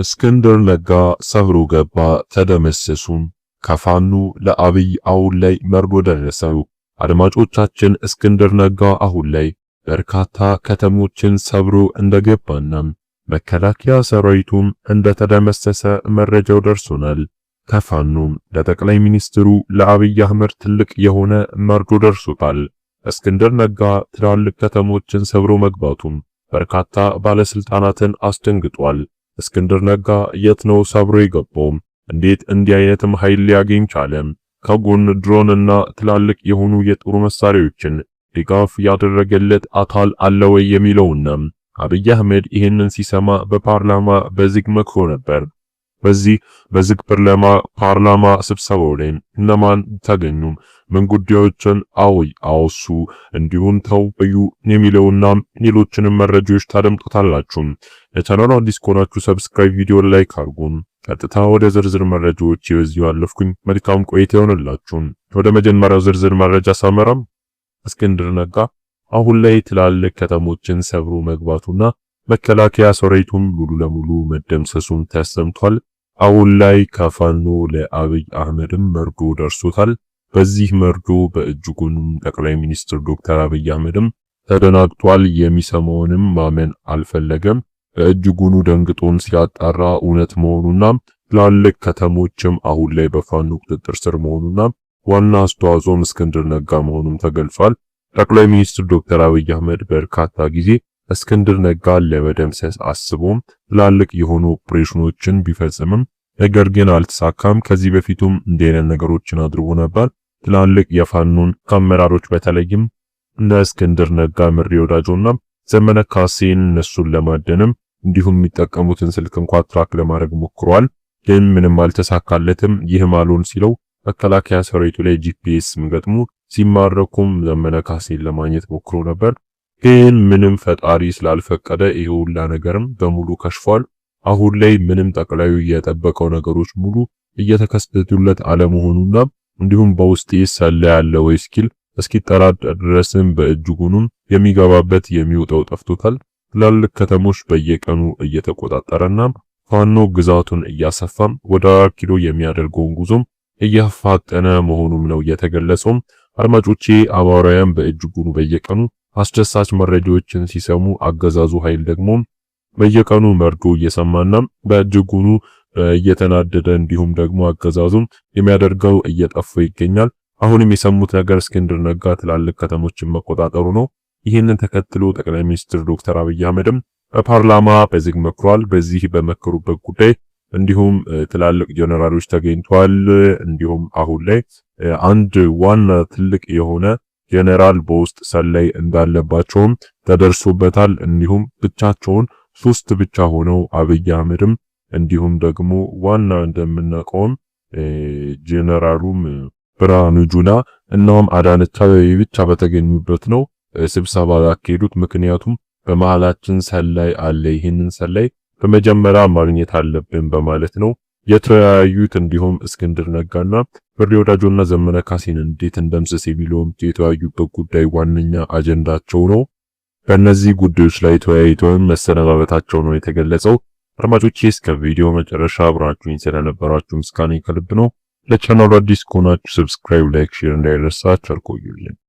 እስክንድር ነጋ ሰብሮ ገባ፣ ተደመሰሱም። ከፋኑ ለአብይ አሁን ላይ መርዶ ደረሰው። አድማጮቻችን እስክንድር ነጋ አሁን ላይ በርካታ ከተሞችን ሰብሮ እንደገባና መከላከያ ሰራዊቱም እንደተደመሰሰ መረጃው ደርሶናል። ከፋኖም ለጠቅላይ ሚኒስትሩ ለአብይ አህመድ ትልቅ የሆነ መርዶ ደርሶታል። እስክንድር ነጋ ትላልቅ ከተሞችን ሰብሮ መግባቱም በርካታ ባለስልጣናትን አስደንግጧል። እስክንድር ነጋ የት ነው ሰብሮ የገባው? እንዴት እንዲህ አይነትም ኃይል ሊያገኝ ቻለ? ከጎን ድሮንና ትላልቅ የሆኑ የጦር መሳሪያዎችን ድጋፍ ያደረገለት አካል አለ ወይ የሚለውና አብይ አህመድ ይህንን ሲሰማ በፓርላማ በዝግ መክሮ ነበር። በዚህ በዝግ ፓርላማ ስብሰባው ላይ እነማን ተገኙ፣ ምን ጉዳዮችን አውይ አወሱ፣ እንዲሁም ተወዩ የሚለውና ሌሎችንም መረጃዎች ታደምጡታላችሁ። ለቻናሉ አዲስ ከሆናችሁ ሰብስክራይብ፣ ቪዲዮ ላይክ አድርጉ። ቀጥታ ወደ ዝርዝር መረጃዎች የበዚሁ አለፍኩኝ። መልካም ቆይታ ይሆንላችሁ። ወደ መጀመሪያው ዝርዝር መረጃ ሳመራም እስክንድር ነጋ አሁን ላይ ትላልቅ ከተሞችን ሰብሮ መግባቱና መከላከያ ሰራዊቱን ሙሉ ለሙሉ መደምሰሱን ተሰምቷል። አሁን ላይ ከፋኖ ለአብይ አህመድም መርዶ ደርሶታል። በዚህ መርዶ በእጅጉንም ጠቅላይ ሚኒስትር ዶክተር አብይ አህመድም ተደናግቷል። የሚሰማውንም ማመን አልፈለገም። በእጅጉኑ ደንግጦን ሲያጣራ እውነት መሆኑና ትላልቅ ከተሞችም አሁን ላይ በፋኖ ቁጥጥር ስር መሆኑና ዋና አስተዋጽኦም እስክንድር ነጋ መሆኑም ተገልጿል። ጠቅላይ ሚኒስትር ዶክተር አብይ አህመድ በርካታ ጊዜ እስክንድር ነጋን ለመደምሰስ አስቦም ትላልቅ የሆኑ ኦፕሬሽኖችን ቢፈጽምም ነገር ግን አልተሳካም። ከዚህ በፊቱም እንዲህ አይነት ነገሮችን አድርጎ ነበር። ትላልቅ የፋኖን አመራሮች በተለይም እነ እስክንድር ነጋ፣ ምሪ ወዳጆና ዘመነ ካሴን እነሱን ለማደንም እንዲሁም የሚጠቀሙትን ስልክ እንኳ ትራክ ለማድረግ ሞክሯል። ግን ምንም አልተሳካለትም። ይህም አልሆን ሲለው መከላከያ ሰራዊቱ ላይ ጂፒኤስ ምገጥሙ ሲማረኩም ዘመነ ካሴን ለማግኘት ሞክሮ ነበር። ግን ምንም ፈጣሪ ስላልፈቀደ ይሄ ሁላ ነገርም በሙሉ ከሽፏል። አሁን ላይ ምንም ጠቅላዩ የጠበቀው ነገሮች ሙሉ እየተከሰቱለት አለመሆኑና እንዲሁም በውስጤ ሰላ ያለ ወይ ስኪል እስኪጠራጥ ድረስም በእጅጉኑም የሚገባበት የሚውጠው ጠፍቶታል። ትላልቅ ከተሞች በየቀኑ እየተቆጣጠረና ፋኖ ግዛቱን እያሰፋም ወደ አራት ኪሎ የሚያደርገውን ጉዞም እያፋጠነ መሆኑም ነው የተገለጸው። አድማጮቼ አማራውያን በእጅጉኑ በየቀኑ አስደሳች መረጃዎችን ሲሰሙ አገዛዙ ኃይል ደግሞ በየቀኑ መርዶ እየሰማና በእጅጉኑ እየተናደደ እንዲሁም ደግሞ አገዛዙም የሚያደርገው እየጠፋ ይገኛል። አሁንም የሰሙት ነገር እስክንድር ነጋ ትላልቅ ከተሞችን መቆጣጠሩ ነው። ይህንን ተከትሎ ጠቅላይ ሚኒስትር ዶክተር አብይ አህመድም በፓርላማ በዝግ መክሯል። በዚህ በመከሩበት ጉዳይ እንዲሁም ትላልቅ ጀነራሎች ተገኝቷል እንዲሁም አሁን ላይ አንድ ዋና ትልቅ የሆነ ጄኔራል በውስጥ ሰላይ እንዳለባቸውም ተደርሶበታል። እንዲሁም ብቻቸውን ሶስት ብቻ ሆነው አብይ አህመድም እንዲሁም ደግሞ ዋና እንደምናውቀውም ጄኔራሉም ብርሃኑ ጁላ እናም አዳነች አቤቤ ብቻ በተገኙበት ነው ስብሰባ ያካሄዱት። ምክንያቱም በመሃላችን ሰላይ አለ፣ ይህንን ሰላይ በመጀመሪያ ማግኘት አለብን በማለት ነው የተለያዩት እንዲሁም እስክንድር ነጋና በሬ ወዳጆና ዘመነ ካሴን እንዴት እንደምሰስ የሚለውም የተወያዩበት ጉዳይ ዋነኛ አጀንዳቸው ነው። በእነዚህ ጉዳዮች ላይ ተወያይተውን መሰነባበታቸው ነው የተገለጸው። አድማጮች እስከ ቪዲዮ መጨረሻ አብራችሁኝ ስለነበራችሁ ምስጋና ከልብ ነው። ለቻናሉ አዲስ ከሆናችሁ ሰብስክራይብ፣ ላይክ፣ ሼር እንዳይረሳ። ቸር